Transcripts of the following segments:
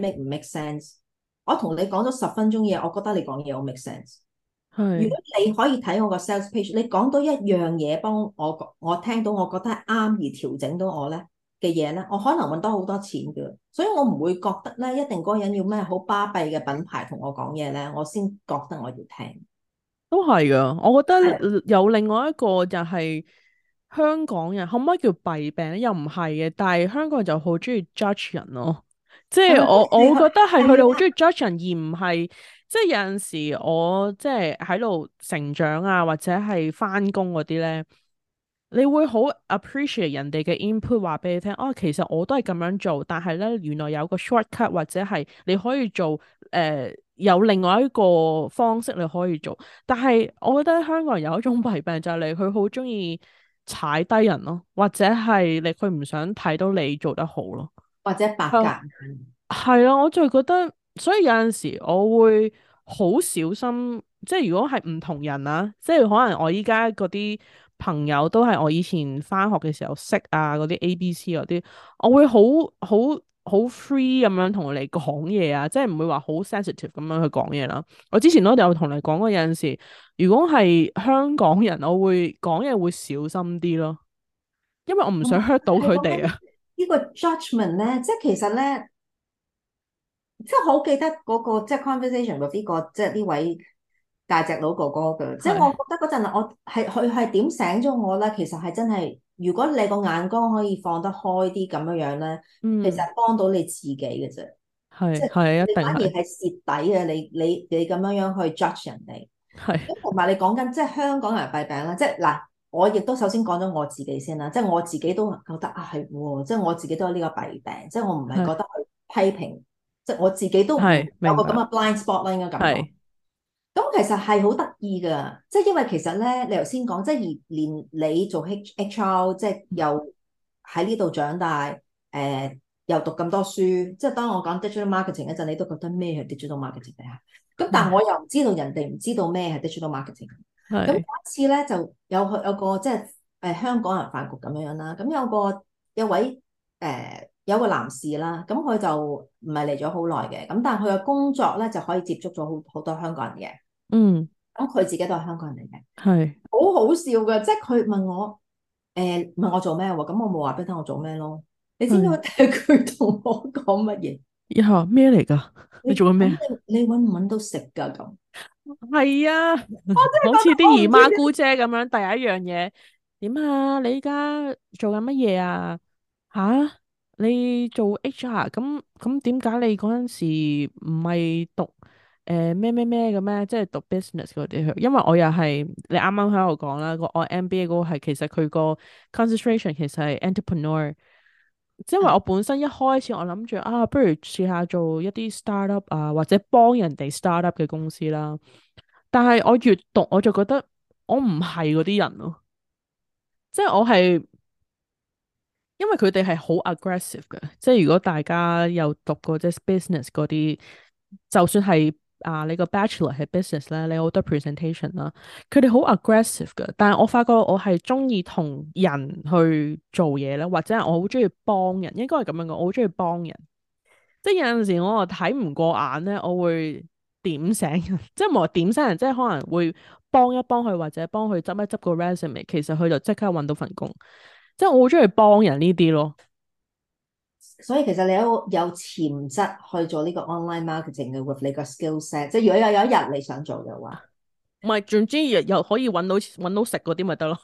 make 唔 make sense。我同你講咗十分鐘嘢，我覺得你講嘢好 make sense。係是。如果你可以睇我個 sales page，你講到一樣嘢幫我，我聽到我覺得啱而調整到我咧嘅嘢咧，我可能搵到好多錢嘅。所以我唔會覺得咧，一定嗰個人要咩好巴閉嘅品牌同我講嘢咧，我先覺得我要聽。都係噶，我覺得有另外一個就係香港人，的可唔可以叫弊病咧？又唔係嘅，但係香港人就好中意 judge 人咯。即係我，我覺得係佢哋好中意 judge 人，而唔係即係有陣時我即係喺度成長啊，或者係翻工嗰啲咧，你會好 appreciate 人哋嘅 input，話俾你聽哦。其實我都係咁樣做，但係咧，原來有個 shortcut 或者係你可以做誒、呃，有另外一個方式你可以做。但係我覺得香港人有一種弊病就係你佢好中意踩低人咯，或者係你佢唔想睇到你做得好咯。或者白格，係、嗯、啊！我最覺得，所以有陣時我會好小心，即係如果係唔同人啊，即係可能我依家嗰啲朋友都係我以前翻學嘅時候識啊，嗰啲 A、B、C 嗰啲，我會好好好 free 咁樣同佢哋講嘢啊，即係唔會話好 sensitive 咁樣去講嘢啦。我之前都有同你講過有，有陣時如果係香港人，我會講嘢會小心啲咯，因為我唔想 hurt 到佢哋啊。嗯嗯。呢個 judgment 咧，即係其實咧，即係好記得嗰個即係 conversation 嗰啲個，即係呢位大隻佬哥哥嘅。是即係我覺得嗰陣，我係佢係點醒咗我咧。其實係真係，如果你個眼光可以放得開啲咁樣樣咧，嗯、其實幫到你自己嘅啫。係係一定，即是你反而係蝕底嘅。你你你咁樣樣去 judge 人哋，係是。咁同埋你講緊即係香港人弊病啦，即係嗱。我亦都首先講咗我自己先啦，即係我自己都覺得啊係喎，即係我自己都有呢個弊病，即係我唔係覺得去批評，的即係我自己都有個咁嘅 blind spot 啦，應該咁講。咁其實係好得意嘅，即係因為其實咧，你頭先講即係而連你做 H，HR，即係又喺呢度長大，誒、呃、又讀咁多書，即係當我講 digital marketing 嗰陣，你都覺得咩係 digital marketing 嚟啊？咁但我又唔知道人哋唔知道咩係 digital marketing。嗯咁嗰、嗯、次咧，就有，有個有個即係誒、呃、香港人飯局咁樣樣啦。咁有個有位誒、呃、有個男士啦，咁佢就唔係嚟咗好耐嘅。咁但係佢嘅工作咧，就可以接觸咗好好多香港人嘅。嗯，咁佢自己都係香港人嚟嘅。係是，好好笑嘅。即係佢問我誒、呃、問我做咩喎？咁我冇話俾得我做咩咯。你知唔知佢同我講乜嘢？以後咩嚟㗎？你做緊咩？你揾唔揾到食㗎咁？係啊， 好似啲姨媽姑姐咁樣。 第一樣嘢，點啊？你依家做緊乜嘢啊？吓、啊，你做 HR 咁，咁點解你嗰陣時唔係讀誒咩咩咩嘅咩？即係讀 business 嗰啲？因為我又係你啱啱喺度講啦，我個我 MBA 嗰個係其實佢個 concentration 其實係 entrepreneur。因為我本身一開始我諗住啊，不如試下做一啲 startup 啊，或者幫人哋 startup 嘅公司啦。但係我越讀我就覺得我唔係嗰啲人咯，即係我係因為佢哋係好 aggressive 嘅，即係如果大家有讀過即係 business 嗰啲，就算係。啊！你個 bachelor 係 business 咧，你好多 presentation 啦，佢哋好 aggressive 嘅，但係我發覺我係中意同人去做嘢啦，或者係我好中意幫人，應該係咁樣嘅。我好中意幫人，即係有陣時我睇唔過眼咧，我會點醒人，即係唔係點醒人，即係可能會幫一幫佢，或者幫佢執一執個 resume，其實佢就即刻揾到份工，即係我好中意幫人呢啲咯。所以其實你有有潛質去做呢個 online marketing 嘅，with 你個 skillset。即係如果有有一日你想做嘅話，唔係總之有又可以揾到揾到食嗰啲咪得咯。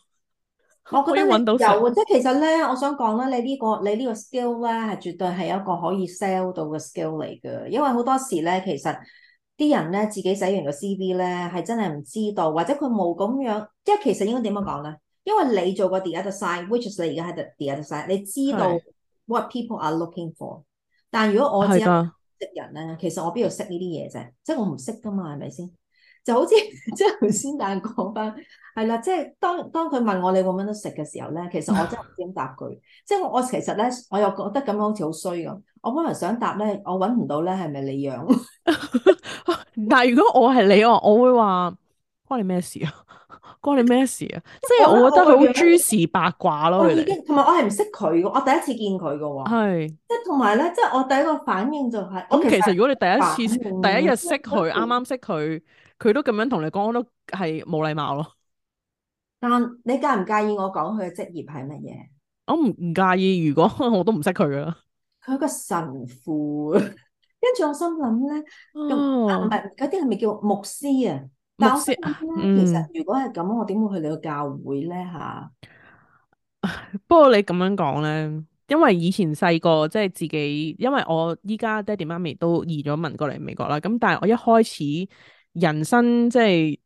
我覺得揾到食即係其實咧，我想講啦、呢個，你個呢個你呢個 skill 咧係絕對係一個可以 sell 到嘅 skill 嚟嘅。因為好多時咧，其實啲人咧自己寫完個 CV 咧係真係唔知道，或者佢冇咁樣。即係其實應該點樣講咧？因為你做過 the other side，which 你而家喺 the other side，你知道。What people are looking for，但如果我識人咧，的其實我邊度識呢啲嘢啫，即係我唔識噶嘛，係咪先？就好似即係頭先，但係講翻係啦，即係當當佢問我你搵唔到食嘅時候咧，其實我真係唔知點答佢。 即係我我其實咧，我又覺得咁樣好似好衰咁。我可能想答咧，我搵唔到咧，係咪你養？但係如果我係你喎，我會話關你咩事啊？關你咩事啊？即係是我覺得佢好諸事八卦咯、啊。我已經同埋我係唔識佢嘅，我第一次見佢嘅喎。係即係同埋咧，即係、就是、我第一個反應就係、是，其實如果你第一次、應第一日識佢，啱啱、嗯、識佢，佢都咁樣同你講，都係冇禮貌咯。但你介唔介意我講佢嘅職業係乜嘢？我唔唔介意，如果我都唔識佢啦。佢係個神父， 跟住我心諗咧，咁嗰啲係咪叫牧師啊？但、嗯、其實如果係咁，我點會去你個教會咧？吓，不過你咁樣講咧，因為以前細個即係自己，因為我依家爹哋媽咪都移咗民過嚟美國啦。咁但係我一開始人生即係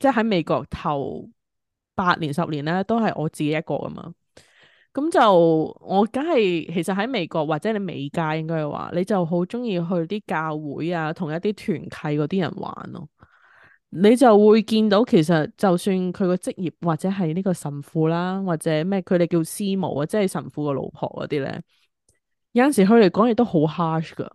即係喺美國頭八年十年咧，都係我自己一個噶嘛。咁就我梗係，其實喺美國或者你美界應該話，你就好中意去啲教會啊，同一啲團契嗰啲人玩咯。你就會見到其實，就算佢個職業或者係呢個神父啦，或者咩佢哋叫師母啊，即係神父嘅老婆嗰啲咧，有陣時佢哋講嘢都好 hush 噶，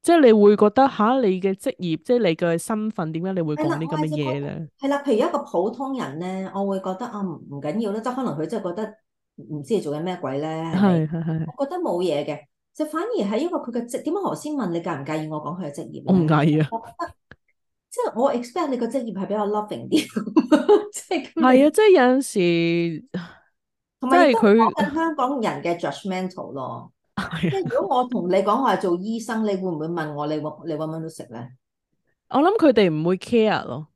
即係你會覺得嚇你嘅職業，即係你嘅身份點解你會講啲咁嘅嘢咧？係啦，譬如一個普通人咧，我會覺得啊唔緊要啦，即係可能佢真係覺得唔知你做緊咩鬼咧，係係係，的我覺得冇嘢嘅，就反而係因為佢嘅職點解頭先問你，你介唔介意我講佢嘅職業？我唔介意啊。即係我 expect 你個職業係比較 loving 啲 這，即係係啊！即係有陣時，即係佢覺得香港人嘅 judgmental 咯。 即係如果我同你講我做醫生，你會唔會問我你搵，你搵唔搵到食咧？我諗佢哋唔會 care 咯，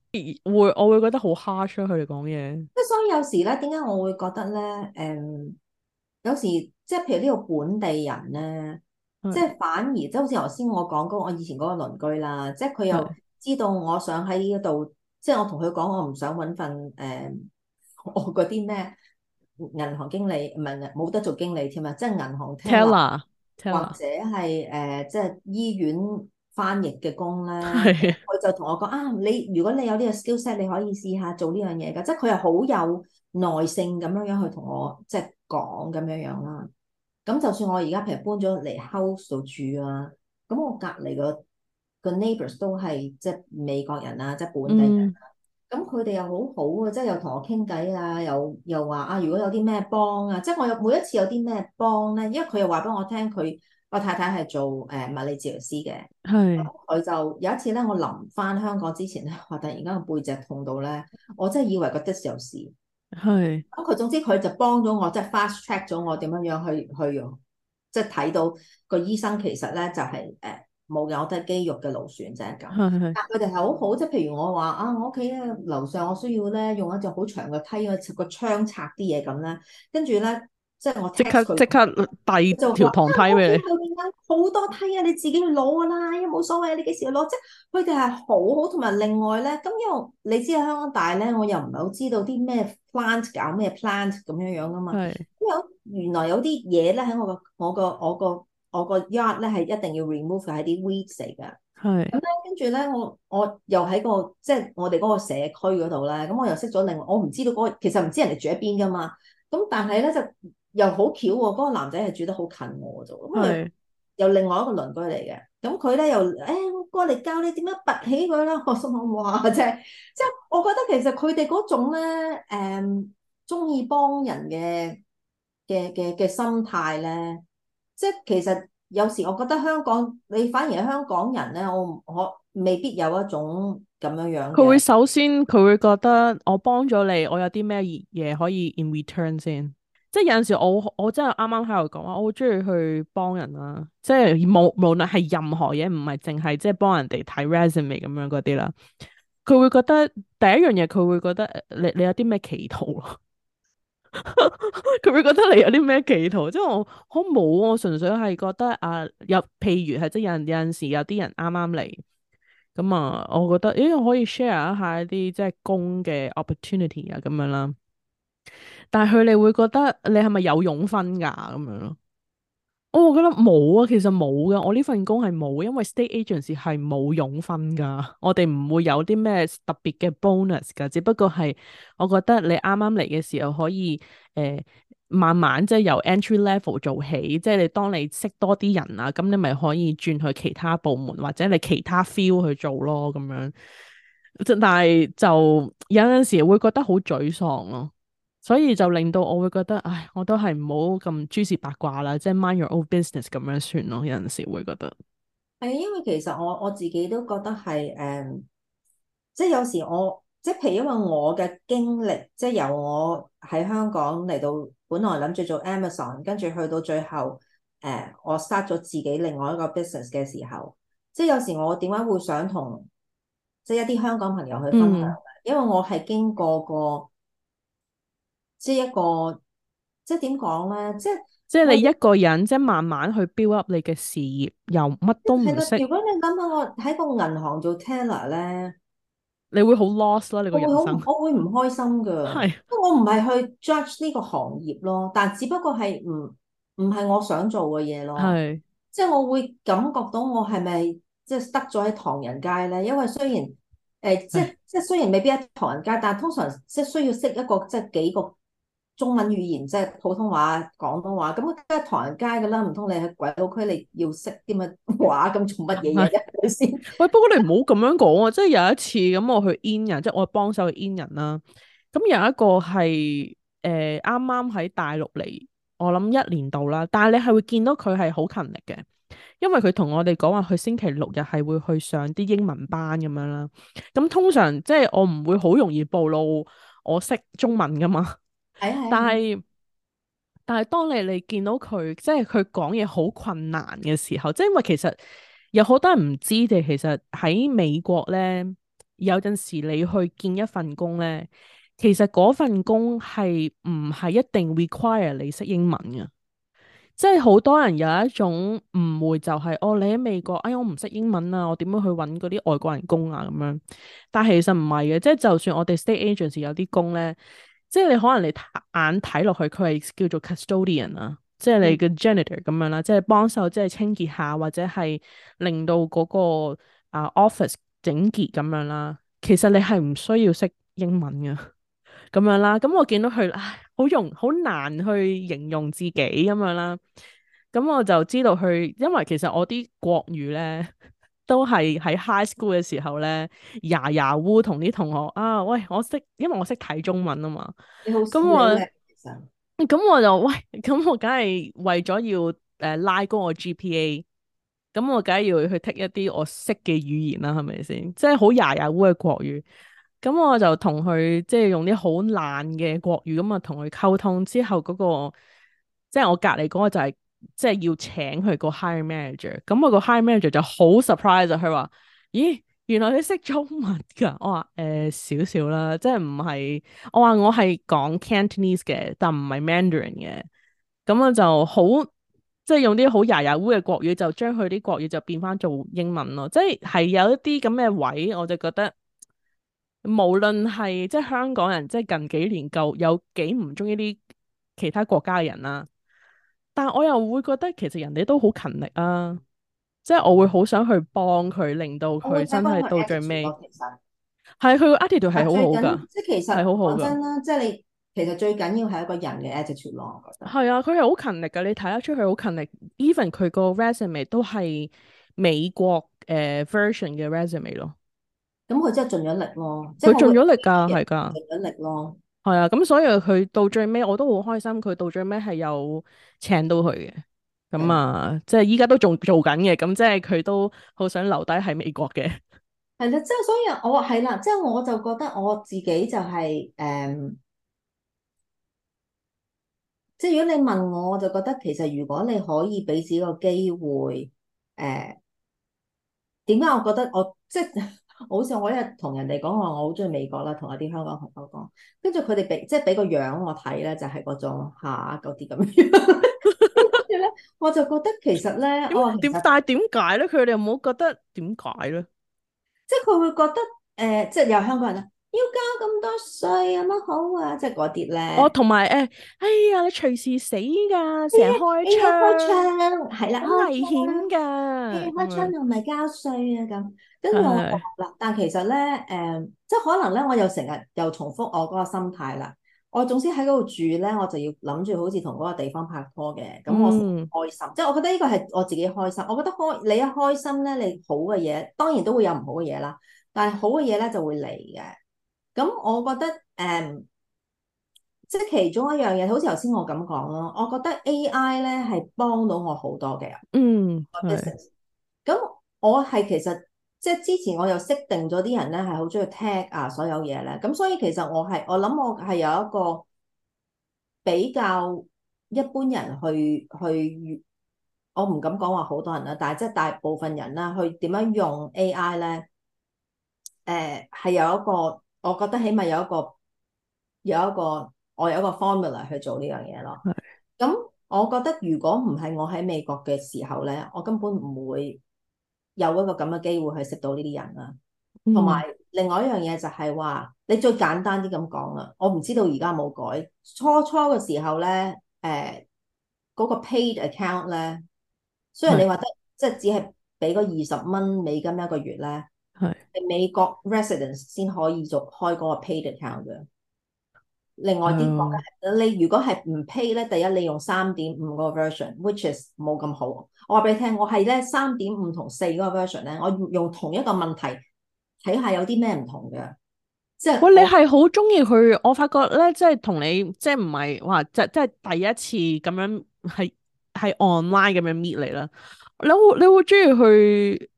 會我會覺得好 hard，佢哋講嘢。即係所以有時咧，點解我會覺得咧？誒、嗯，有時即係譬如呢個本地人咧， 即係反而即係好似頭先我講嗰個我以前嗰個鄰居啦，即係佢又。知道我想喺呢度，即係我同佢講，我唔想揾份誒，我嗰啲咩銀行經理，唔係冇得做經理添啊！即係銀行 Teller, Teller。或者係誒、呃，即係醫院翻譯嘅工咧。佢的就同我講啊，你如果你有呢個 skillset，你可以試下做呢樣嘢噶。即係佢係好有耐性咁樣樣去同我即係講咁樣樣啦。咁就算我而家譬如搬咗嚟 house 度住啊，咁我隔離個。個 neighbors 都係即係美國人啊，即係本地人啊，咁佢哋又好好啊，即係又同我傾偈啊，又又話啊，如果有啲咩幫啊，即係我有每一次有啲咩幫咧，因為佢又話俾我聽，佢我太太係做誒物理治療師嘅，係佢是、嗯、就有一次咧，我臨翻香港之前咧，我突然間個背脊痛到咧，我真係以為個 disc 有事，係咁佢總之佢就幫咗我，即係 fast track 咗我點樣樣去去用，即係睇到、個醫生其實咧就係、是、誒。就是呃冇嘅，我都係肌肉嘅勞損啫咁。真 但佢哋係好好，即係譬如我話啊，我屋企咧樓上，我需要咧用一隻好長嘅梯去個窗拆啲嘢咁咧，跟住咧即係我即刻即刻遞條旁梯俾你。後面、啊、有好多梯啊，你自己去攞啦，又冇所謂你幾時去攞即係。佢哋係好好，同埋另外咧，咁因為你知喺香港大咧，我又唔係好知道啲咩 plant 搞咩 plant 咁樣樣㗎嘛。是因為原來有啲嘢咧喺我個我個我個。我個我個我個 yard 咧係一定要 remove 喺啲 weed 嚟㗎，咁咧跟住咧我我又喺個即係我哋嗰個社區嗰度咧，咁、嗯、我又識咗另外，我唔知道嗰、那個、其實唔知人哋住喺邊㗎嘛，咁、嗯、但係咧就又好巧喎，嗰、那個男仔係住得好近我啫，咁、嗯、佢的又另外一個鄰居嚟嘅，咁佢咧又誒、哎、過嚟教你點樣拔起佢啦，我心諗哇真係，即係我覺得其實佢哋嗰種咧誒鍾意幫人嘅嘅嘅嘅心態咧，即係其實。有時我覺得香港，你反而係香港人咧，我我未必有一種咁樣樣。佢會首先佢會覺得我幫咗你，我有啲咩嘢可以 in return 先，即係有陣時我我真係啱啱喺度講話，我好中意去幫人啦，即係無無論係任何嘢，唔係淨係即係幫人哋睇 resume 咁樣嗰啲啦。佢會覺得第一樣嘢，佢會覺得你你有啲咩企圖。佢會 覺得你有啲咩企圖？即係我好冇，我純粹係覺得啊，有譬如係即係有有陣時有啲人啱啱嚟，咁啊，我覺得咦，我可以 share 一下一啲即係工嘅 opportunity 啊，咁樣啦、啊。但係佢哋會覺得你係咪有佣分㗎咁樣咯、啊？哦、我覺得冇啊，其實冇㗎。我呢份工係冇，因為 state agency 係冇傭分㗎。我哋唔會有啲咩特別嘅 bonus 㗎。只不過係我覺得你啱啱嚟嘅時候可以誒、呃、慢慢即係由 entry level 做起，即係你當你識多啲人啊，咁你咪可以轉去其他部門或者你其他 feel 去做咯咁樣。即但係就有陣時會覺得好沮喪咯、啊。所以就令到我會覺得，唉，我都係唔好咁諸事八卦啦，即係 mind your own business 咁樣算咯。有陣時會覺得，係因為其實我我自己都覺得係誒、嗯，即係有時我即係譬如因為我嘅經歷，即係由我喺香港嚟到，本來諗住做 Amazon，跟住去到最後，誒、嗯、我殺咗自己另外一個 business 嘅時候，即係有時我點解會想同即係一啲香港朋友去分享？嗯、因為我係經過個。即係一個，即係點講咧？即係即係你一個人，我即係慢慢去 build up 你嘅事業，又乜都唔識。如果你諗下我喺個銀行做 teller 咧，你會好 lost 咯，很你個人生，我會唔開心噶係是，我唔係去 judge 呢個行業咯，但只不過係唔唔係我想做嘅嘢咯。係是，即係我會感覺到我係咪即係得咗喺唐人街咧？因為雖然誒、欸，即係唉即係雖然未必喺唐人街，但係通常即係需要識一個即係幾個。中文語言即係普通話、廣東話，咁梗係唐人街噶啦。唔通你喺鬼佬區，你要識啲乜話？咁做乜嘢嘢先？喂，不過你唔好咁樣講啊！即係有一次咁，我去 in 人，即係我幫手去 in 人啦。咁有一個係誒啱啱喺大陸嚟，我諗一年度啦。但係你係會見到佢係好勤力嘅，因為佢同我哋講話，佢星期六日係會去上啲英文班咁樣啦。咁通常即係我唔會好容易暴露我識中文噶嘛。但係但係，當你你見到佢，即係佢講嘢好困難嘅時候，即係因為其實有好多人唔知哋，其實喺美國咧，有陣時你去見一份工咧，其實嗰份工係唔係一定 require 你識英文嘅，即係好多人有一種誤會就係哦，你喺美國，哎我唔識英文啊，我點樣去搵嗰啲外國人工啊咁樣，但係其實唔係嘅，即係就算我哋 state agents 有啲工咧。即係你可能你眼睇落去佢係叫做 custodian 啊，嗯、即係你嘅 janitor 咁樣啦，即係幫手即係清潔下或者係令到嗰、嗰個啊、uh, office 整潔咁樣啦。其實你係唔需要識英文嘅咁樣啦。咁我見到佢，唉，好容好難去形容自己咁樣啦。咁我就知道佢，因為其實我啲國語咧。都係喺 high school 嘅時候咧，牙牙烏同啲同學啊，喂，我識，因為我識睇中文啊嘛。咁、啊、我咁我就喂，咁我梗係為咗要誒、呃、拉高我 GPA，咁我梗係要去剔一啲我識嘅語言啦，係咪先？即係好牙牙烏嘅國語，咁我就同佢即係用啲好爛嘅國語咁啊，同佢溝通之後嗰、嗰個，即係我隔離嗰個就係、係。即係要請佢個 hire manager，咁我個 hire manager 就好 surprise 啊！佢話：咦，原來你識中文噶？我話：誒、呃，少少啦，即係唔係。我話我係講 Cantonese 嘅，但唔係 Mandarin 嘅。咁我就好，即係用啲好牙牙烏嘅國語，就將佢啲國語就變翻做英文咯。即係係有一啲咁嘅位，我就覺得，無論係即係香港人，即係近幾年夠有幾唔中意啲其他國家嘅人啦、啊。但我又會覺得其實人哋都好勤力啊，即係我會好想去幫佢，令到佢真係到最尾。其實係佢個 attitude 係好好㗎，即係其實係好好。講真啦，即係你其實最緊要係一個人嘅 attitude 咯。係啊，佢係好勤力㗎，你睇得出佢好勤力。Even 佢個 resume 都係美國誒、uh, version 嘅 resume 咯。咁佢真係盡咗力咯，佢盡咗力㗎、啊，係㗎，盡咗力咯。係啊，咁所以佢到最尾我都好開心。佢到最尾係有請到佢嘅，咁啊，嗯、即係依家都仲做緊嘅。咁即係佢都好想留低喺美國嘅。係 啦，即對係所以我，我係啦，即係我就覺得我自己就係、是、誒，即、uh, 係如果你問我，我就覺得其實如果你可以俾自己個機會，誒點解我覺得我即係。就是 好似我一日同人哋講話，我好中意美國啦，同一啲香港朋友講，跟住佢哋俾即係俾個樣我睇咧，就係、是、嗰種吓嗰啲咁樣，跟住咧我就覺得其實咧，我、哦、點但係點解咧？佢哋冇覺得點解咧？即係佢會覺得誒、呃，即係有香港人要交咁多稅有乜好啊？即係嗰啲咧。我同埋誒，哎呀你隨時死噶，成日開槍、哎哎，開槍係啦，好危險噶、哎，開槍同埋交稅啊咁。跟住我嗱，的但其實咧，誒、嗯，即係可能咧，我又成日又重複我嗰個心態啦。我總之喺嗰度住咧，我就要諗住好似同嗰個地方拍拖嘅，咁我唔開心。即係我覺得呢個係我自己開心。我覺得開你一開心咧，你好嘅嘢當然都會有唔好嘅嘢啦，但係好嘅嘢咧就會嚟嘅。咁我覺得誒、嗯，即係其中一樣嘢，好似頭先我咁講咯，我覺得 AI 咧係幫到我好多嘅。嗯，咁、嗯、我係其實。即係之前我又設定咗啲人咧，係好中意聽啊，所有嘢咧，咁所以其實我係我諗我係有一個比較一般人去去我唔敢講話好多人啦，但係即係大部分人啦，去點樣用 AI 咧？誒、呃、係有一個，我覺得起碼有一個有一個我有一個 formula 去做呢樣嘢咯。咁我覺得如果唔係我喺美國嘅時候咧，我根本唔會。有一個咁嘅機會去識到呢啲人啦、啊，同埋、嗯、另外一樣嘢就係話，你最簡單啲咁講啦，我唔知道而家冇改，初初嘅時候咧，誒、欸、嗰、那個 paid account 咧，雖然你話得是即係只係俾嗰二十蚊美金一個月咧，是你美國 residence 先可以做開嗰個 paid account 嘅。另外啲講，嗯、你如果係唔 pay 咧，第一你用三點五個 version，which is 冇咁好。我話俾你聽，我係咧三點五同四嗰個 version 咧，我用同一個問題睇下有啲咩唔同嘅，即係。哇、哦！你係好中意去，我發覺咧，即係同你即係唔係話即即係第一次咁樣係係 online 咁樣 meet 你啦，你會你會中意去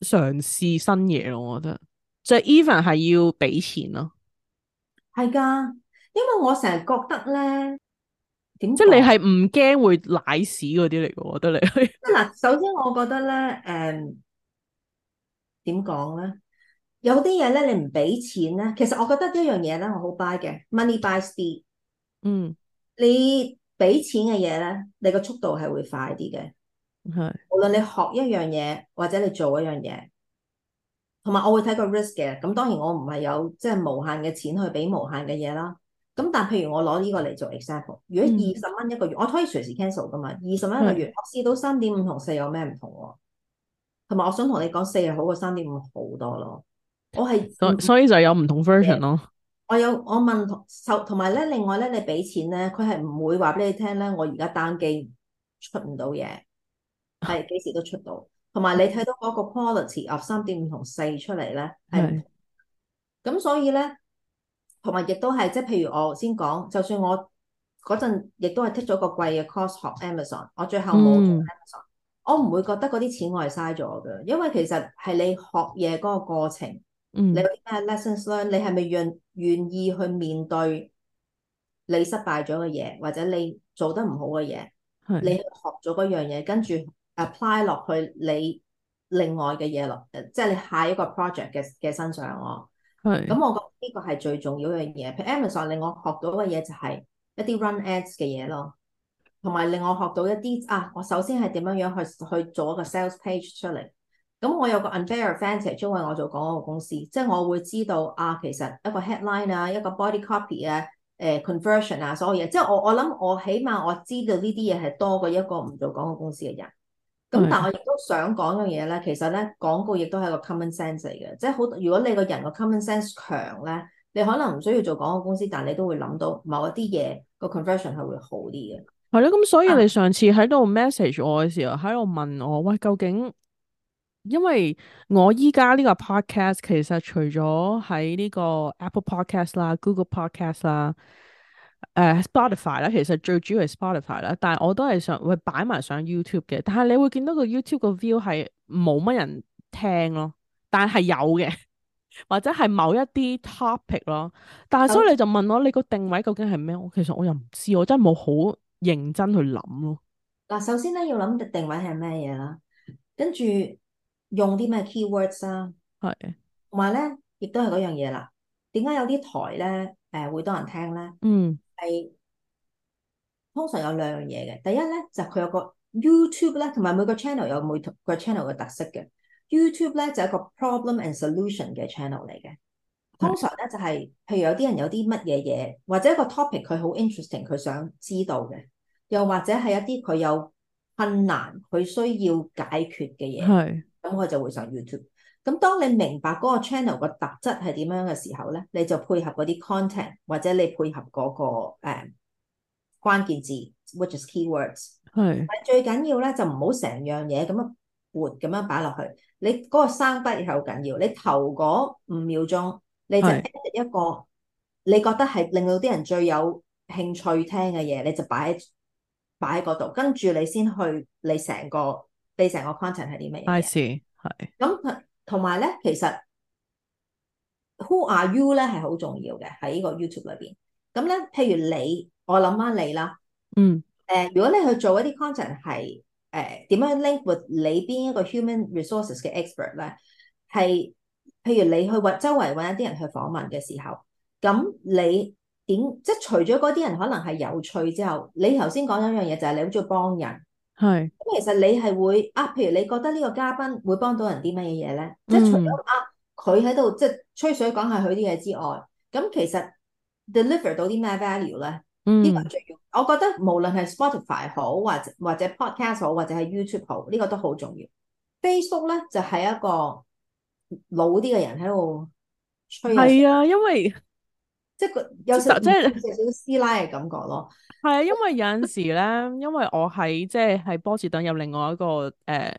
嘗試新嘢咯？我覺得即係 even 係要俾錢咯，係噶，因為我成日覺得咧。點即係你係唔驚會瀨屎嗰啲嚟㗎？我覺得你即嗱， 首先我覺得咧，誒點講咧？有啲嘢咧，你唔俾錢咧，其實我覺得一樣嘢咧，我好 buy 嘅，money buy speed。嗯，你俾錢嘅嘢咧，你個速度係會快啲嘅。係，無論你學一樣嘢或者你做一樣嘢，同埋我會睇個 risk 嘅。咁當然我唔係有即係、就是、無限嘅錢去俾無限嘅嘢啦。咁但譬如我攞呢個嚟做 example，如果二十蚊一個月，嗯、我可以隨時 cancel 噶嘛？二十蚊一個月，嗯、我試到三點五同四、啊、有咩唔同？同埋，我想同你講，四係好過三點五好多咯。我係，所以就有唔同 version 咯。我有我問同，同埋咧，另外咧，你俾錢咧，佢係唔會話俾你聽咧，我而家單機出唔到嘢，係幾時都出到。到出同埋你睇到嗰個 quality of，三點五同四出嚟咧係唔同。咁所以咧。同埋亦都係，即係譬如我先講，就算我嗰陣亦都係剔咗個貴嘅 course 學 Amazon，我最後冇用 Amazon，嗯、我唔會覺得嗰啲錢我係嘥咗嘅，因為其實係你學嘢嗰個過程，嗯、你咩 lessons learn，你係咪願願意去面對你失敗咗嘅嘢，或者你做得唔好嘅嘢，的你學咗嗰樣嘢，跟住 apply 落去你另外嘅嘢落，即係你下一個 project 嘅嘅身上哦。係咁，嗯、我覺得呢個係最重要嘅嘢。譬如 Amazon 令我學到嘅嘢就係一啲 run ads 嘅嘢咯，同埋令我學到一啲啊。我首先係點樣樣去去做一個 sales page 出嚟。咁、嗯、我有個 unfair advantage，因為我做廣告公司，即係我會知道啊，其實一個 headline 啊，一個 body copy 啊，誒、呃，conversion 啊，所有嘢，即係我我諗我起碼我知道呢啲嘢係多過一個唔做廣告公司嘅人。咁但係我亦都想講樣嘢咧，其實咧廣告亦都係一個 common sense 嚟嘅，即係好如果你個人個 common sense 強咧，你可能唔需要做廣告公司，但係你都會諗到某一啲嘢個 conversion 係會好啲嘅。係咯，咁、嗯嗯、所以你上次喺度 message 我嘅時候，喺度問我喂，究竟，因為我依家呢個 podcast 其實除咗喺呢個 Apple Podcast 啦、Google Podcast 啦。誒、uh，Spotify 啦，其實最主要係 Spotify 啦，但係我都係上會擺埋上 YouTube 嘅，但係你會見到個 YouTube 個 view 係冇乜人聽咯，但係有嘅，或者係某一啲 topic 咯，但係所以你就問我你個定位究竟係咩？我 Okay. 其實我又唔知，我真係冇好認真去諗咯。嗱，首先咧要諗定位係咩嘢啦，跟住用啲咩 keywords 啦、啊，係 Okay.，同埋咧亦都係嗰樣嘢啦。點解有啲台咧誒會多人聽咧？嗯。係通常有兩樣嘢嘅，第一咧就佢、是、有個 YouTube 咧，同埋每個 channel 有每個 channel 嘅特色嘅。YouTube 咧就是、一個 problem and solution 嘅 channel 嚟嘅，通常咧就係、是、譬如有啲人有啲乜嘢嘢，或者一個 topic 佢好 interesting，佢想知道嘅，又或者係一啲佢有困難佢需要解決嘅嘢，咁佢是就會上 YouTube。咁當你明白嗰個 channel 個特質係點樣嘅時候咧，你就配合嗰啲 content 或者你配合嗰、嗰個誒、uh，關鍵字，which is keywords 係是。最緊要咧就唔好成樣嘢咁樣撥咁樣擺落去。你嗰個生筆係好緊要。你頭嗰五秒鐘，你就一個是你覺得係令到啲人最有興趣聽嘅嘢，你就擺擺喺嗰度，跟住你先去你成個你成個 content 係啲咩嘢？I see . s 係那。咁佢。同埋咧，其實 Who are you 咧係好重要嘅喺呢個 YouTube 裏邊。咁咧，譬如你，我諗翻你啦。嗯。誒、呃，如果你去做一啲 content 係誒點樣 link with 你邊一個 human resources 嘅 expert 咧，係譬如你去揾周圍揾一啲人去訪問嘅時候，咁你點即係除咗嗰啲人可能係有趣之後，你頭先講咗一樣嘢，就係你好中意幫人。係咁，是嗯、其實你係會啊？譬如你覺得呢個嘉賓會幫到人啲乜嘢嘢咧？即係除咗啊，佢喺度即係吹水講下佢啲嘢之外，咁其實 deliver 到啲咩 value 咧？呢、嗯、個最重要，我覺得無論係 Spotify 好，或者或者 podcast 好，或者係 YouTube 好，呢、呢個都好重要。Facebook 咧就係一個老啲嘅人喺度吹水係啊，因為。即係個，有時即係少少師奶嘅感覺咯。係啊是，是因為有陣時咧， 因為我喺即係喺波士頓有另外一個誒，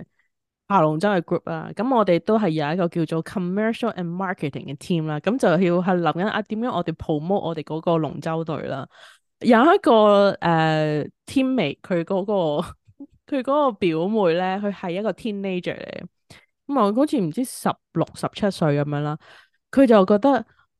亞龍舟嘅 group 啊。咁我哋都係有一個叫做 commercial and marketing 嘅 team 啦。咁就要係諗緊啊，點樣我哋 promote 我哋嗰個龍舟隊啦？有一個誒、呃、 ，teammate 佢嗰、嗰個佢嗰個表妹咧，佢係一個 teenager 嚟嘅。咁啊，好似唔知十六十七歲咁樣啦。佢就覺得。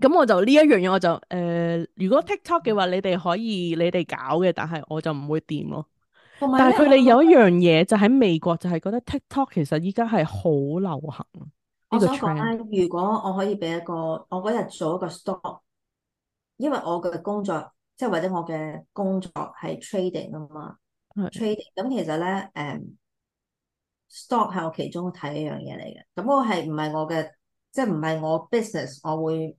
咁我就呢一樣嘢，我就誒、呃。如果 TikTok 嘅話，你哋可以你哋搞嘅，但係我就唔會掂咯。但係佢哋有一樣嘢我就喺美國，就係覺得 TikTok 其實依家係好流行。我想講啊，如果我可以俾一個我嗰日做一個 stock，因為我嘅工作即係或者我嘅工作係 trading 啊嘛，trading 咁是、嗯、其實咧誒，stock 係我其中會睇一樣嘢嚟嘅。咁、嗯、我係唔係我嘅即係唔係我 business，我會。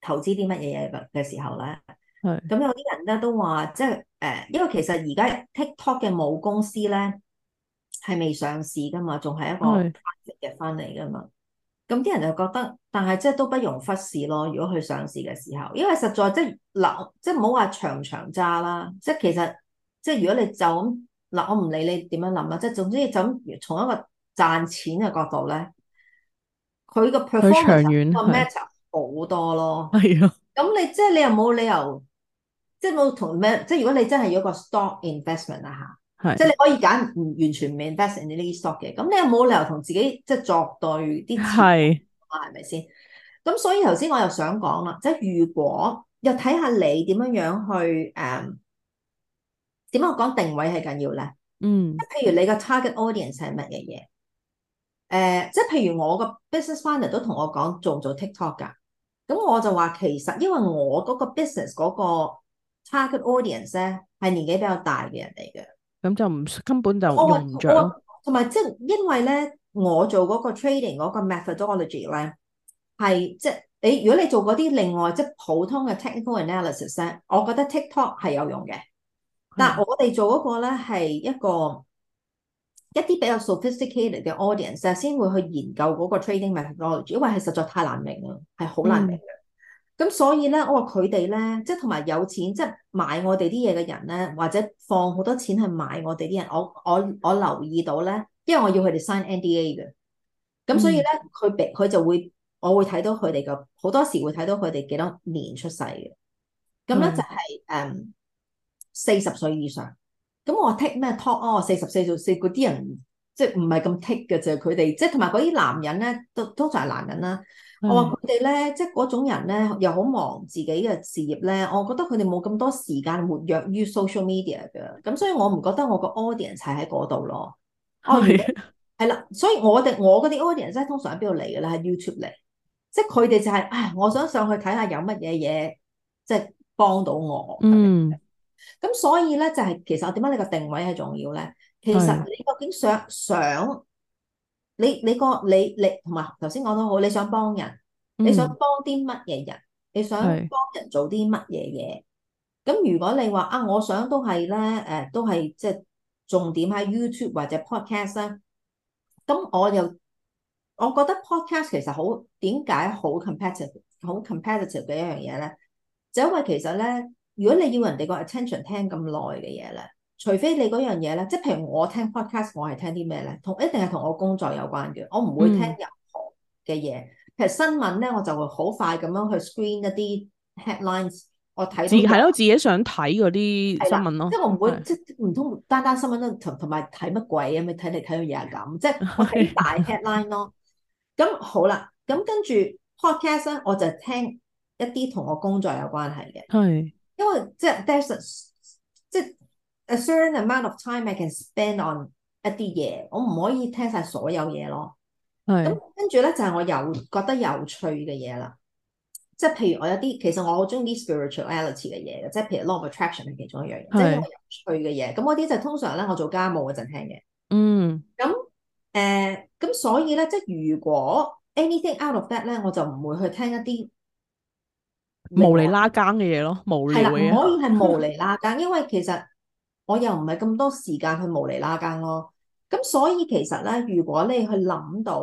投資啲乜嘢嘢嘅時候咧，咁是有啲人咧都話，即係誒，因為其實而家 TikTok 嘅母公司咧係未上市噶嘛，仲係一個 p r 嘅翻嚟噶嘛。咁啲是人就覺得，但係即係都不容忽視咯。如果佢上市嘅時候，因為實在即係嗱，即係唔好話長長揸啦，即係其實即係如果你就咁嗱，我唔理你點樣諗啊，即係總之就咁從一個賺錢嘅角度咧，佢個 performance 個 m 好多咯，係啊。 咁你即係你又冇理由，即係冇同咩？即係如果你真係有一個 stock investment 啊的，吓，係，即係你可以揀唔完全唔 invest in 呢啲 stock 嘅，咁你又冇理由同自己即係作對啲錢啊，係咪先？咁的所以頭先我又想講啦，即係如果又睇下你點樣樣去誒，點解我講定位係緊要咧？嗯，即係譬如你個 target audience 係乜嘢嘢？誒、呃，即係譬如我個 business owner 都同我講做唔做 TikTok 㗎。咁我就話其實，因為我嗰個 business 嗰個 target audience 咧，係年紀比較大嘅人嚟嘅，咁就唔根本就用唔着。同埋即係因為咧，我做嗰個 trading 嗰個 methodology 咧，係即係你如果你做嗰啲另外即係普通嘅 technical analysis 咧，我覺得 TikTok 係有用嘅，但係我哋做嗰個咧係一個。一啲比較 sophisticated 嘅 audience，先會去研究嗰個 trading methodology，因為係實在太難明啦，係好難明嘅。咁、嗯、所以咧，我話佢哋咧，即係同埋有錢，即係買我哋啲嘢嘅人咧，或者放好多錢去買我哋啲人，我我我留意到咧，因為我要佢哋 sign NDA 嘅。咁所以咧，佢佢、嗯、就會，我會睇到佢哋嘅好多時會睇到佢哋幾多年出世嘅。咁咧就係誒四十歲以上。咁我 take 咩 talk 啊、哦？四十四歲四嗰啲人即係唔係咁 take 嘅啫，佢哋即係同埋嗰啲男人咧，都通常係男人啦。嗯、我話佢哋咧，即係嗰種人咧，又好忙自己嘅事業咧，我覺得佢哋冇咁多時間活躍於 social media 嘅。咁所以我唔覺得我個 audience 喺喺嗰度咯。係啦是、哦，所以我哋我嗰啲 audience 即通常喺邊度嚟嘅咧？喺 YouTube 嚟，即係佢哋就係、是、唉，我想上去睇下有乜嘢嘢，即係幫到我。嗯。咁所以咧就係，其實我點解你個定位係重要咧？其實你究竟想想你你個你你，同埋頭先講到好，你想幫人、嗯，你想幫啲乜嘢人？你想幫人做啲乜嘢嘢？咁是如果你話啊，我想都係咧，誒，都係即係重點喺 YouTube 或者 Podcast 咧。咁我又我覺得 Podcast 其實好，點解好 competitive 好 competitive 嘅一樣嘢咧？就因為其實咧。如果你要人哋個 attention 聽咁耐嘅嘢咧，除非你嗰樣嘢咧，即係譬如我聽 podcast，我係聽啲咩咧？同一定係同我工作有關嘅，我唔會聽任何嘅嘢。其實、嗯、新聞咧，我就會好快咁樣去 screen 一啲 headlines，我睇自係咯，自己想睇嗰啲新聞咯。聞咯即係我唔會即係唔通單單新聞都同同埋睇乜鬼咁樣睇嚟睇去嘢係咁，即係我睇大 headline 咯。咁的好啦，咁跟住 podcast 咧，我就聽一啲同我工作有關係嘅。係的。 因為即係 there's 即係 a certain amount of time I can spend on 一啲嘢，我唔可以聽晒所有嘢咯。係咁跟住咧，就係、是、我有覺得有趣嘅嘢啦。即係譬如我有啲其實我好中意 spirituality 嘅嘢嘅，即係譬如 law of attraction 係其中一樣嘢，是即係因為有趣嘅嘢。咁嗰啲就係通常咧，我做家務嗰陣聽嘅。嗯，咁誒咁所以咧，即係如果 anything out of that 咧，我就唔會去聽一啲。無厘拉更嘅嘢咯，無厘嘅嘢。係啦，唔可以係無厘啦更，因為其實我又唔係咁多時間去無厘拉更咯。咁所以其實咧，如果你去諗到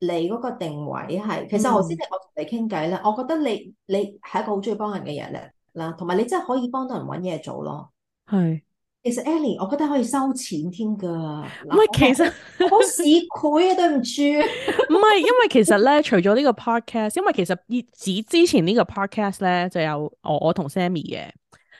你嗰個定位係，其實頭先我同你傾偈咧，嗯、我覺得你你係一個好中意幫人嘅人咧，嗱，同埋你真係可以幫到人搵嘢做咯。係。其實 Ellie，我覺得可以收錢添㗎。唔係是，我其實好市儈啊， 對唔住。唔係，因為其實咧，除咗呢個 podcast，因為其實以之之前個 cast 呢個 podcast 咧，就有我我同 Sammy 嘅。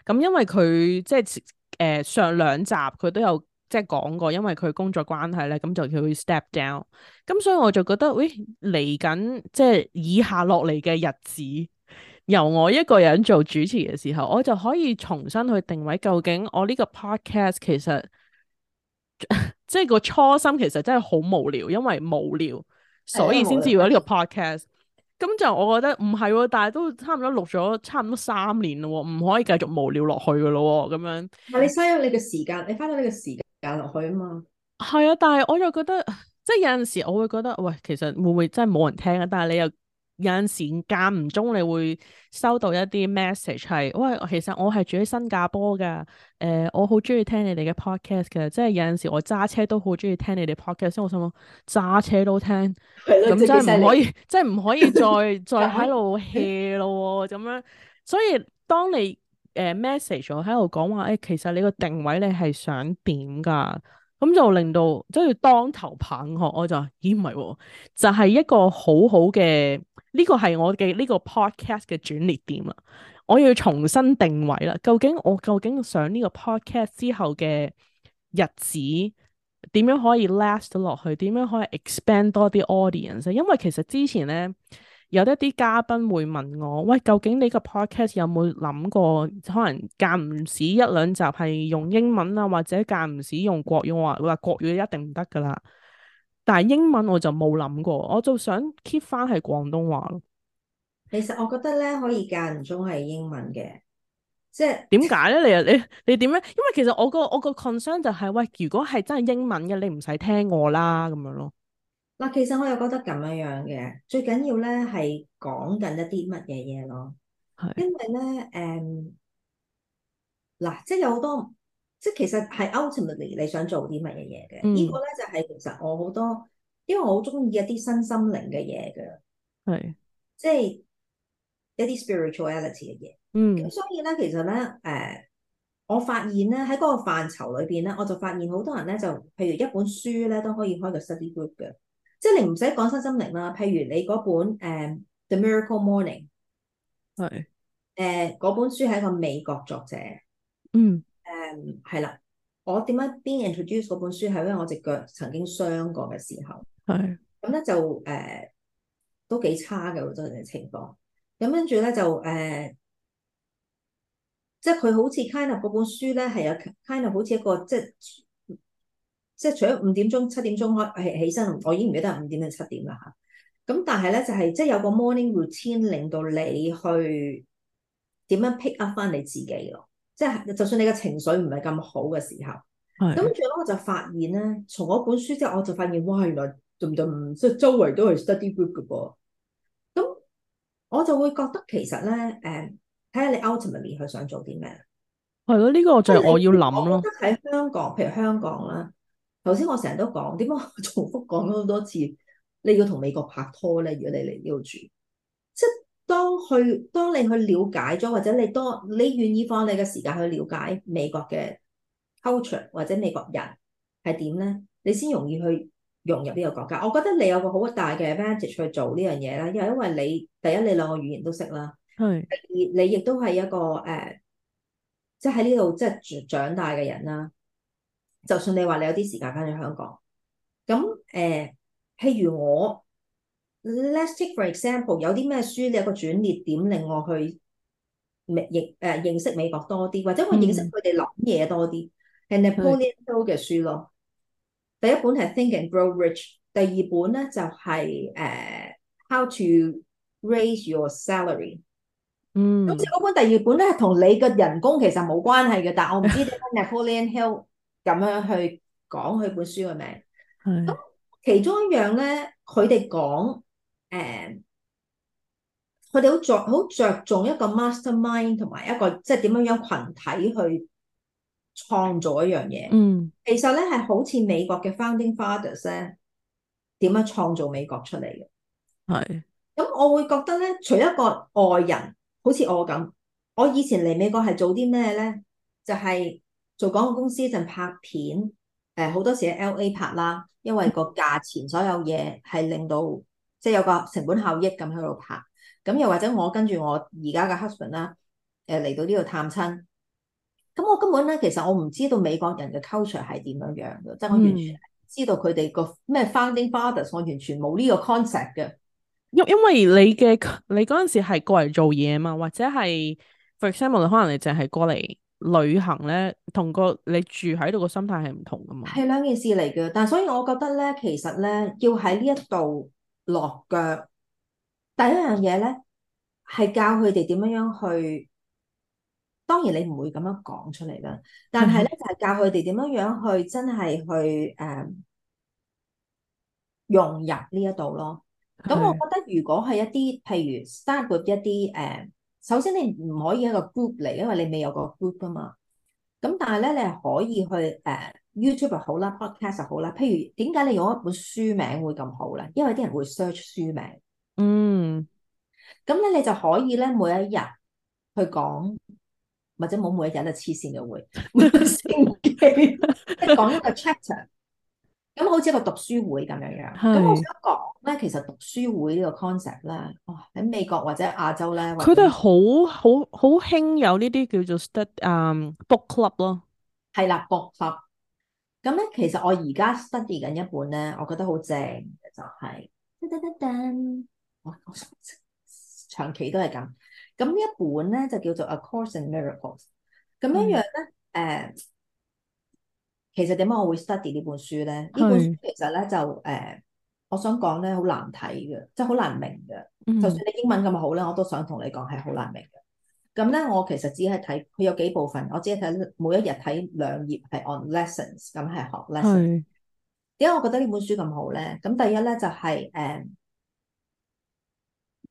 咁因為佢即係誒、呃、上兩集佢都有即係講過，因為佢工作關係咧，咁就叫佢 step down。咁所以我就覺得，喂，嚟緊即係以下落嚟嘅日子。由我一個人做主持嘅時候，我就可以重新去定位，究竟我呢個 podcast 其實即係個初心其實真係好無聊，因為無聊所以先至有呢個 podcast。咁就我覺得唔係喎，但係都差唔多錄咗差唔多三年咯，唔可以繼續無聊落去噶咯咁樣。但係你嘥咗你嘅時間，你花咗你嘅時間落去啊嘛。係啊，但係我又覺得即係有陣時我會覺得喂，其實會唔會真係冇人聽啊？但係你又有陣時間唔中，你會收到一啲 message 係，喂！其實我係住喺新加坡㗎，誒、呃，我好中意聽你哋嘅 podcast 嘅，即係有陣時我揸車都好中意聽你哋 podcast，我想講揸車都聽，咁 真係唔可以， 即係唔可以再再喺度 hea 咯，咁樣。所以當你誒 message、呃、我喺度講話，誒、哎，其實你個定位你係想點㗎？咁就令到即係、就是、當頭棒喝，我就話：咦，唔係喎，就係、是、一個好好嘅。呢個係我嘅呢個 podcast 嘅轉捩點啦，我要重新定位啦。究竟我究竟上呢個 podcast 之後嘅日子點樣可以 last 落去？點樣可以 expand 多啲 audience？因為其實之前咧有一啲嘉賓會問我：喂，究竟你個 podcast 有冇諗過可能間唔時一兩集係用英文啊，或者間唔時用國語，話話國語一定唔得㗎啦。但係英文我就冇諗過，我就想 keep 翻係廣東話咯。其實我覺得咧，可以間唔中係英文嘅，即係點解咧？你啊，你你點咧？因為其實我個我個 concern 就係、是、喂，如果係真係英文嘅，你唔使聽我啦，咁樣咯。嗱，其實我又覺得咁樣樣嘅，最緊要咧係講緊一啲乜嘢嘢咯，係因為咧誒，嗱、嗯，即係有好多。即係其實係 ultimately 你想做啲乜嘢嘢嘅？嗯、個呢個咧就係、是、其實我好多，因為我好中意一啲身心靈嘅嘢嘅，係是即係一啲 spirituality 嘅嘢。嗯，咁所以咧其實咧誒、呃，我發現咧喺嗰個範疇裏邊咧，我就發現好多人咧就譬如一本書咧都可以開個 study group 嘅，即係你唔使講身心靈啦，譬如你嗰本誒、嗯《The Miracle Morning 是》呃，係誒嗰本書係一個美國作者，嗯。係啦、嗯，我點解 be introduced 嗰本書係因為我隻腳曾經傷過嘅時候，係咁咧就誒、呃、都幾差嘅、呃、好多人嘅情況，咁跟住咧就誒即係佢好似 Kinda 嗰本書咧係有 Kinda 好似一個即係即係除咗五點鐘七點鐘開起起身，我已經唔記得係五點定七點啦吓，咁、啊、但係咧就係、是、即係有個 morning routine 令到你去點樣 pick up 翻你自己咯。即係、就是、就算你嘅情緒唔係咁好嘅時候，咁住我就發現咧，從嗰本書之後我就發現，哇原來仲唔仲即係周圍都係 study group 嘅噃，咁我就會覺得其實咧，誒睇下你 ultimately 佢想做啲咩，係咯呢個就係我要諗咯。喺香港，譬如香港啦，頭先我成日都講，點解我重複講咗好多次，你要同美國拍拖咧，如果你嚟呢度住。去，當你去了解咗，或者你多，你願意花你嘅時間去了解美國嘅 culture 或者美國人係點咧，你先容易去融入呢個國家。我覺得你有個好大嘅 advantage 去做呢樣嘢啦，因為因為你第一你兩個語言都識啦，係是，第二你亦都係一個誒，即係喺呢度即係長大嘅人啦。就算你話你有啲時間翻去香港，咁誒、呃，譬如我。Let's take for example，有啲咩書你有個轉捩點令我去美認誒認識美國多啲，或者我認識佢哋諗嘢多啲。嗯、Napoleon Hill 嘅書咯，是第一本係《Think and Grow Rich》，第二本咧就係、是《誒、uh, How to Raise Your Salary》。嗯，咁即嗰本第二本咧，同你嘅人工其實冇關係嘅，但係我唔知點解 Napoleon Hill 咁樣去講佢本書嘅名。係是。咁其中一樣咧，佢哋講。誒，佢哋好着好著重一個 mastermind 同埋一個即係點樣樣群體去創造一樣嘢。嗯，其實咧係好似美國嘅 founding fathers 咧，點樣創造美國出嚟嘅？係是。咁我會覺得咧，除一個外人，好似我咁，我以前嚟美國係做啲咩咧？就係、是、做廣告公司陣拍片，誒，好多時喺 L A 拍啦，因為個價錢、嗯、所有嘢係令到。即係有個成本效益咁喺度拍，咁又或者我跟住我而家嘅 husband 啦，誒、呃、嚟到呢度探親，咁我根本咧其實我唔知道美國人嘅 culture 係點樣樣嘅，即係、嗯、我完全知道佢哋個咩 founding fathers，我完全冇呢個 concept 嘅。因因為你嘅你嗰陣時係過嚟做嘢啊嘛，或者係 for example 可能你淨係過嚟旅行咧，同個你住喺度嘅心態係唔同噶嘛。係兩件事嚟嘅，但係所以我覺得咧，其實咧要喺呢一度，落腳第一樣嘢咧，係教佢哋點樣樣去。當然你唔會咁樣講出嚟啦，但係咧、嗯、就係教佢哋點樣樣去真係去誒、啊、融入呢一度咯。咁我覺得如果係一啲譬如 start with 一啲誒、啊，首先你唔可以一個 group 嚟，因為你未有個 group 噶嘛。咁但係咧，你係可以去誒。啊 YouTube 又好啦，Podcast 又好啦。譬如點解你用一本書名會咁好咧？因為啲人會 search 書名。嗯、mm.，咁咧你就可以咧，每一日去講，或者冇每一日都黐線嘅會，成機即係講一個 chapter。咁 好似一個讀書會咁樣樣。咁是我想講咧，其實讀書會呢個 concept 咧，哇、哦、喺美國或者亞洲咧，佢哋好好好興有呢啲叫做 study 啊 book club 咯，係啦，book club。咁咧，其實我而家 study 緊一本咧，我覺得好正嘅就係、是，我我長期都係咁。咁呢一本咧就叫做《A Course in Miracles》一呢。咁樣樣咧，誒，其實點解我會 study 呢本書咧？呢是本書其實咧就誒、呃，我想講咧好難睇嘅，即係好難明嘅。嗯、就算你英文咁好咧，我都想同你講係好難明嘅。咁咧，我其實只係睇佢有幾部分，我只係睇每一日睇兩頁係 on lessons，咁係學 lesson。點解是我覺得呢本書咁好咧？咁第一咧就係誒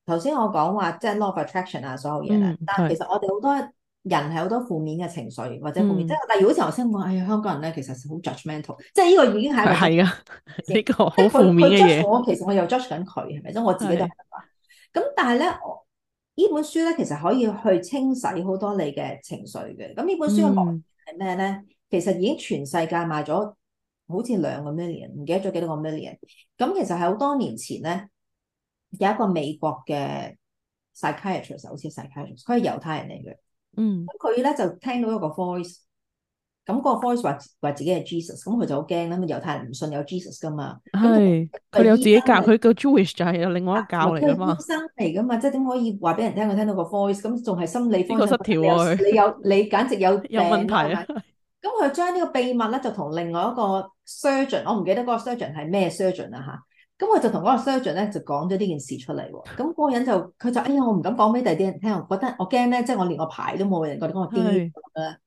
頭先我講話即係 law of attraction 啊，所有嘢啦。嗯、但係其實我哋好多人係好多負面嘅情緒或者負面，嗯、即係但如果好似頭先講，哎呀香港人咧其實好 judgmental 即係呢個已經係係啊呢個好、呢個、負面嘅嘢。我其實我又 judge 緊佢係咪即我自己就係話咁，但係咧我。呢本書咧，其實可以去清洗好多你嘅情緒嘅。咁呢本書嘅來源係咩咧？其實已經全世界賣咗好似兩個 million，唔記得咗幾多個 million。咁其實係好多年前咧，有一個美國嘅 psychiatrist，好似 psychiatrist，佢係猶太人嚟嘅。嗯。咁佢咧就聽到一個 voice。咁嗰、嗯那個 voice 話話自己係 Jesus，咁、嗯、佢就好驚啦。咁猶太人唔信有 Jesus 噶嘛，係佢有自己教，佢個 Jewish 就係有另外一教嚟噶嘛。醫生嚟噶嘛，即係點可以話俾人聽我聽到個 voice？咁仲係心理科，呢個失調、啊、你有你簡直有有問題啊！咁佢將呢個秘密咧，就同另外一個 surgeon，我唔記得嗰個 surgeon 係咩 surgeon 啦吓。咁、嗯、佢就同嗰個 surgeon 咧，就講咗呢件事出嚟。咁、嗯、嗰、那個人就佢就哎呀，我唔敢講俾第啲人聽，我覺得我驚咧、就是，即係我連個牌都冇人覺得我癲啦的。咁、嗯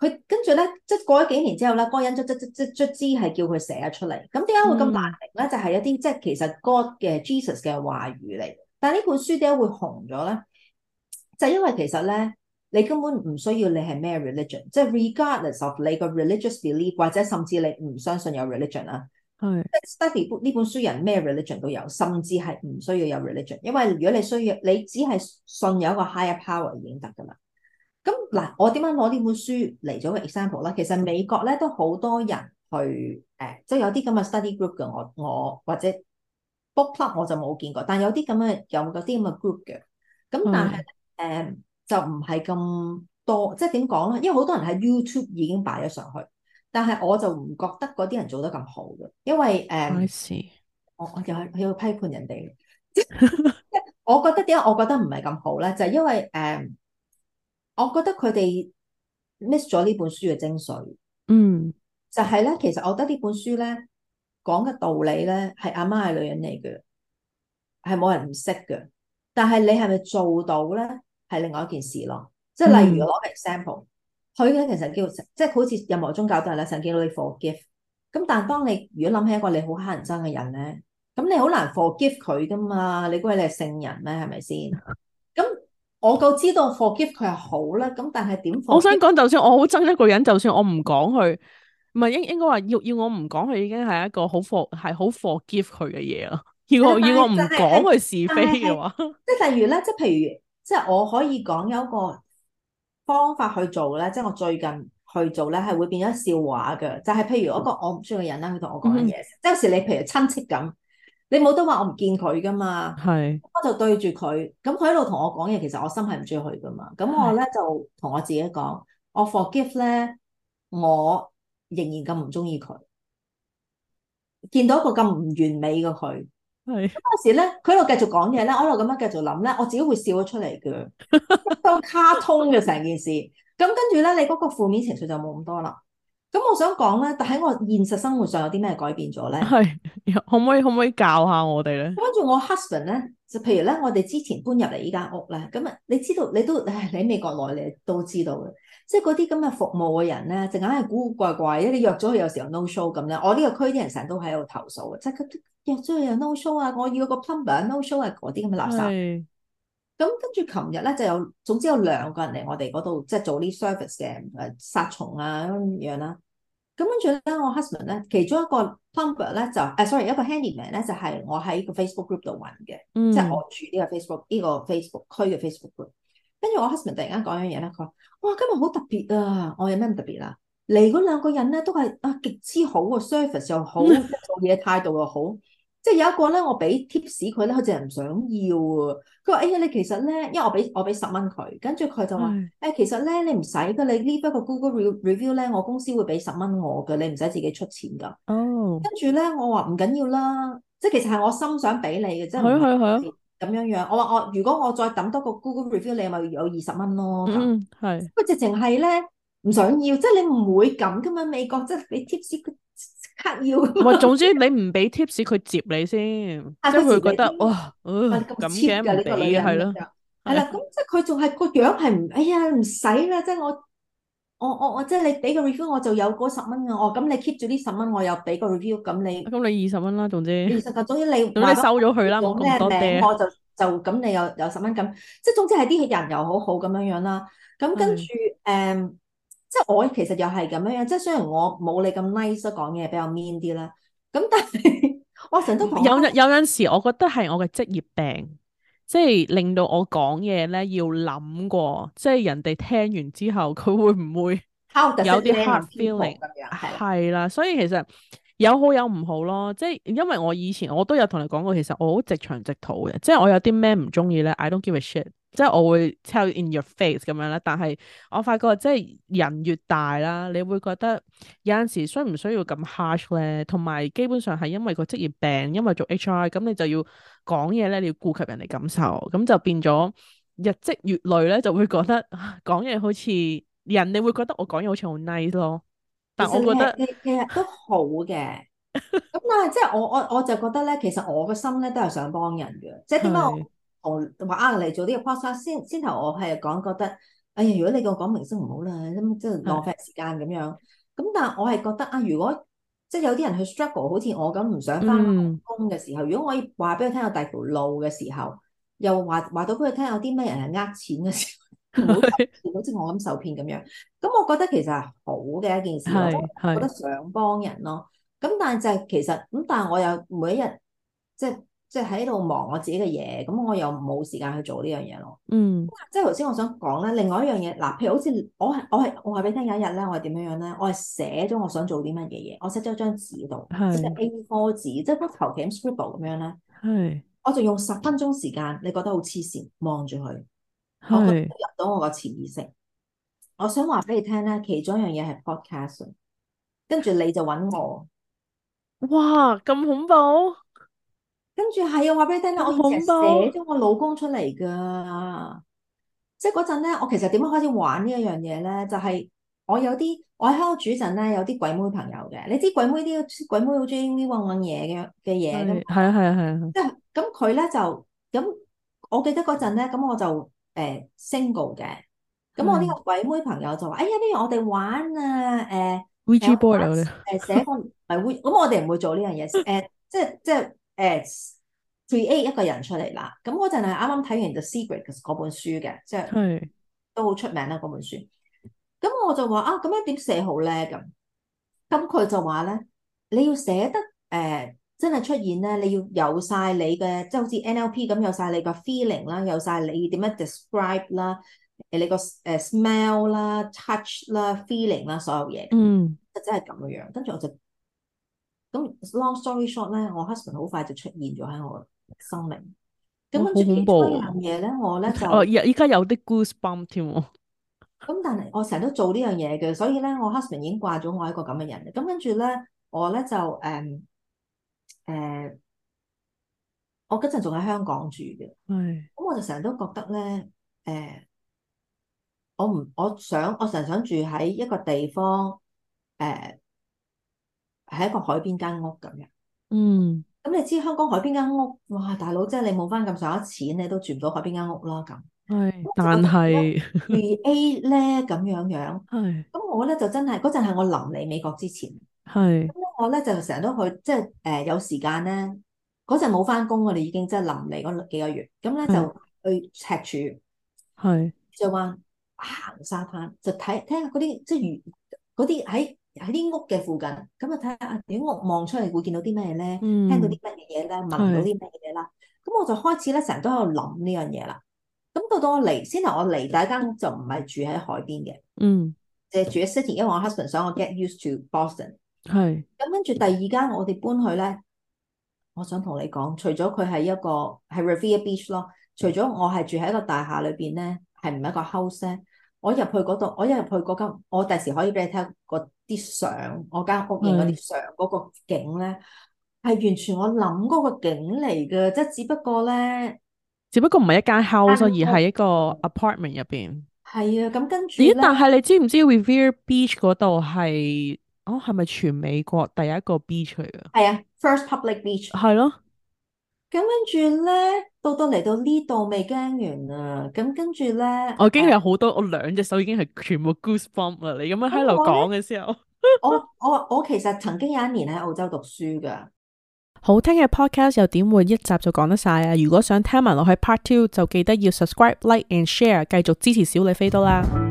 佢跟住咧，即係過咗幾年之後咧，嗰人卒卒卒卒卒之係叫佢寫出嚟。咁點解會咁大名咧？就係、就係、一啲即係其實 God 嘅 Jesus 嘅話語嚟。但係呢本書點解會紅咗咧？就因為其實咧，你根本唔需要你係咩 religion，即係 regardless of 你個 religious belief，或者甚至你唔相信有 religion 啊是。係。即 study book 呢本書人咩 religion 都有，甚至係唔需要有 religion。因為如果你需要，你只係信有一個 higher power 已經得噶啦。咁嗱，我點解攞呢本書嚟做一個 example 咧？其實美國咧都好多人去誒，即、呃、係有啲咁嘅 study group 嘅。我我或者 book club 我就冇見過，但係有啲咁嘅有嗰啲咁嘅 group 嘅。咁但係誒、呃、就唔係咁多，即係點講咧？因為好多人喺 YouTube 已經擺咗上去，但係我就唔覺得嗰啲人做得咁好嘅，因為誒、呃 I see.，我有我又係要批判人哋。即 我覺得點解我覺得唔係咁好咧？就係、是、因為誒。呃我覺得佢哋 miss 咗呢本書嘅精髓。嗯，mm，就係咧，其實我覺得呢本書咧講嘅道理咧，係阿媽係女人嚟嘅，係冇人唔識嘅。但係你係咪做到咧，係另外一件事咯。即係例如攞 example，佢嘅其實叫即係好似任何宗教都係啦，神叫你 forgive。咁但係當你如果諗起一個你好乞人憎嘅人咧，咁你好難 forgive 佢噶嘛？你估你係聖人咩？係咪先？我夠知道 forgive 佢係好啦。咁但係點？我想講，就算我好憎一個人，就算我唔講佢，唔係應應該話要要我唔講佢，已經係一個好 forg 係好 forgive 佢嘅嘢囉。要我 for, 要，要我唔講佢是非嘅話，即係例如咧，即係譬如即係我可以講有一個方法去做咧，即係我最近去做咧，係會變咗笑話嘅。就係、是、譬如我個我唔中嘅人啦，佢同 我講緊嘢，即有時你譬如親戚咁。你冇得話我唔見佢噶嘛，係是我就對住佢，咁佢喺度同我講嘢，其實我心係唔中意佢噶嘛，咁我咧就同我自己講，是我 forgive 咧，我仍然咁唔中意佢，見到一個咁唔完美嘅佢，咁嗰是時咧佢喺度繼續講嘢咧，我喺度咁樣繼續諗咧，我自己會笑咗出嚟嘅，都 卡通嘅成件事，咁跟住咧你嗰個負面情緒就冇咁多啦。咁我想講咧，但喺我現實生活上有啲咩改變咗咧？係可唔可以可唔可以教下我哋咧？跟住我 husband 咧，就譬如咧，我哋之前搬入嚟依間屋咧，咁啊，你知道你都喺美國耐，你都知道嘅，即係嗰啲咁嘅服務嘅人咧，成日係古古怪怪，一你約咗佢，有時候 no show 咁樣。我呢個區啲人成日都喺度投訴，就佢、是、約咗佢又 no show 啊，我要個 plumber no show 啊，嗰啲咁嘅垃圾。咁跟住琴日咧就有，總之有兩個人嚟我哋嗰度，即係做啲 service 嘅，誒殺蟲啊咁樣啦。咁跟住咧，我 husband 咧，其中一個 plumber 咧就，誒 sorry，一個 handyman 咧就係我喺個 Facebook group 度揾嘅，嗯、即係我住呢個 Facebook 呢個 Facebook 區嘅 Facebook group。跟住我 husband 突然間講樣嘢咧，佢話：哇，今日好特別啊！我有咩特別啊？嚟嗰兩個人咧都係啊極之好啊，service 又好，嗯、做嘢態度又好。即係有一個咧，我俾貼士佢咧，佢淨係唔想要啊。佢話：哎、欸、呀，你其實咧，因為我俾我俾十蚊佢，跟住佢就話：誒的、欸，其實咧，你唔使嘅，你呢一個 Google review 咧，我公司會俾十蚊我嘅，你唔使自己出錢㗎。哦。跟住咧，我話唔緊要啦，即係其實係我心想俾你嘅，即係咁樣樣的。我話我如果我再揼多個 Google review，你係咪有二十蚊咯？嗯，直不直情係咧唔想要，即係你唔會咁噶嘛？美國即係俾貼士。c 要，唔係，總之你唔俾 tips 佢接你先，即係佢覺得哇，咁嘅唔俾，係咯，係啦，咁即係佢仲係個樣係唔，哎呀唔使啦，即係我我我我即係你俾個 review 我就有嗰十蚊嘅，哦，咁你 keep 住呢十蚊，我又俾個 review，咁你，咁你二十蚊啦，總之二十個，總之你，你收咗佢啦，冇咁多，我就就咁你又有十蚊咁，即係總之係啲人又好好咁樣樣啦，咁跟住誒。即係我其實又係咁樣樣，即係雖然我冇你咁 nice 講嘢，比較 mean 啲啦。咁但係，哇！我成日都有，有有陣時，我覺得係我嘅職業病，即係令到我講嘢咧要諗過，即係人哋聽完之後佢會唔會有啲 hard feeling？係啦，所以其實有好有唔好咯。即係因為我以前我都有同你講過，其實我好直腸直肚嘅，即係我有啲咩唔中意咧，I don't give a shit。即係我會 tell in your face 咁樣啦，但係我發覺即係人越大啦，你會覺得有陣時需唔需要咁 harsh 咧？同埋基本上係因為個職業病，因為做 HR 咁你就要講嘢咧，你要顧及人哋感受，咁就變咗日積月累咧，就會覺得講嘢、啊、好似人，你會覺得我講嘢好似好 nice 咯。但係我覺得其實,其實都好嘅。咁但係即係我我我就覺得咧，其實我個心咧都係想幫人嘅，即係點解我我話嚟做呢嘅 part，先先頭我係講覺得，哎呀，如果你叫我講明星唔好啦，咁即係浪費時間咁樣。咁但係我係覺得啊，如果即係有啲人去 struggle，好似我咁唔想翻工嘅時候，嗯、如果我話俾佢聽有第二條路嘅時候，又話話到俾佢聽有啲咩人係呃錢嘅時候，唔是好好似我咁受騙咁樣。咁我覺得其實係好嘅一件事咯，我覺得想幫人咯。咁但係就係其實咁，但係我又每一日，就是、即係。即係喺度忙我自己嘅嘢，咁我又冇時間去做呢樣嘢咯。嗯，即係頭先我想講咧，另外一樣嘢，嗱，譬如好似我係我係我話俾你聽，有一日咧，我係點樣樣咧？我係寫咗我想做啲乜嘢嘢，我寫咗張紙度，即係 A4 紙，即係不求其 scribble 咁樣咧。係是，我仲用十分鐘時間，你覺得好黐線，望住佢，是入到我個潛意識。我想話俾你聽咧，其中一樣嘢係 podcast，跟住你就搵我。哇！咁恐怖。跟住係啊，我話俾你聽啦，我好多寫咗我老公出嚟㗎，即係嗰陣咧，我其實點樣開始玩呢一樣嘢咧，就係、是、我有啲我喺香港住陣咧，有啲鬼妹朋友嘅，你知鬼妹啲鬼妹好中意呢啲掹掹嘢嘅嘅嘢咁，係啊係啊係啊，即係咁佢咧就咁，我記得嗰陣咧咁我就誒 single 嘅，咁、嗯、我呢個鬼妹朋友就話、啊：，哎呀，不如我哋玩啊，誒 witchy board 咧，誒 ical、啊、寫方唔係會咁我哋唔會做呢樣嘢，誒， 即係即係。 guy aún 誒，create 一個人出嚟啦，咁我陣係啱啱睇完 The Secret 嗰本書嘅，即係，嗯，都好出名啦嗰本書。咁我就話啊，咁樣點寫好咧？咁咁佢就話咧，你要寫得誒、呃，真係出現咧，你要有晒你嘅，即係好似 NLP 咁有晒你個 feeling 啦，有晒你點樣 describe 啦，誒你個誒 smell 啦，touch 啦，feeling 啦，所有嘢，嗯，就真係咁樣樣。跟住我就。咁 long story short 咧，我 husband 好快就出現咗喺我生命。咁跟住，呢樣嘢咧，我咧就哦，依家，啊、有啲 goose bump 添。咁但係我成日都做呢樣嘢嘅，所以咧我 husband 已經掛咗我係一個咁嘅人。咁跟住咧，我咧就誒誒，嗯嗯，我嗰陣仲喺香港住嘅。係唉。咁我就成日都覺得咧，誒、嗯，我唔我想，我成日想住喺一個地方，誒、嗯。喺一個海邊間屋咁樣，嗯，咁、嗯、你知香港海邊間屋，哇，大佬，即係你冇翻咁上下錢咧，你都住唔到海邊間屋咯咁。係，但係，复 A 咧，咁樣樣。係是，咁 是我咧就真係嗰陣係我臨嚟美國之前。係是。咁我咧就成日都去，即係誒有時間咧，嗰陣冇翻工，我哋已經即係臨嚟嗰幾個月，咁咧就去赤柱，係是，沙灘、啊、行沙灘，就睇睇下嗰啲即係魚，啲喺。喺啲屋嘅附近，咁啊睇下啊啲屋望出嚟會見到啲咩咧？嗯、聽到啲乜嘅嘢咧？聞到啲乜嘅嘢啦？咁係我就開始咧，成日都喺度諗呢樣嘢啦。咁到到我嚟先頭，我嚟第一間就唔係住喺海邊嘅，嗯，係住喺 city，因為我 husband 想我 get used to Boston 係。咁跟住第二間我哋搬去咧，我想同你講，除咗佢係一個係 Revere Beach 咯，除咗我係住喺一個大廈裏邊咧，係唔係一個 house 咧。我入去嗰度，我一入去嗰間，我第時可以俾你聽、嗰個。啲相，我間屋入邊嗰啲相，嗰個景咧係、嗯、完全我諗嗰個景嚟嘅，即係只不過咧，只不過唔係一間 house 啊，而係一個 apartment 入邊。係啊，咁跟住咦，但係你知唔知 Revere Beach 嗰度係，哦係咪全美國第一個 beach 嚟噶？係啊，first public beach，啊。係咯。咁跟住咧，到到嚟到呢度未驚完啊！咁跟住咧，我已經有好多，啊、我兩隻手已經係全部 goosebump 了。你咁樣喺度講嘅時候， 我我我其實曾經有一年喺澳洲讀書噶。好聽嘅 podcast 又點會一集就講得晒啊？如果想聽埋落去 Part Two，就記得要 subscribe、like and share，繼續支持小李飛刀啦。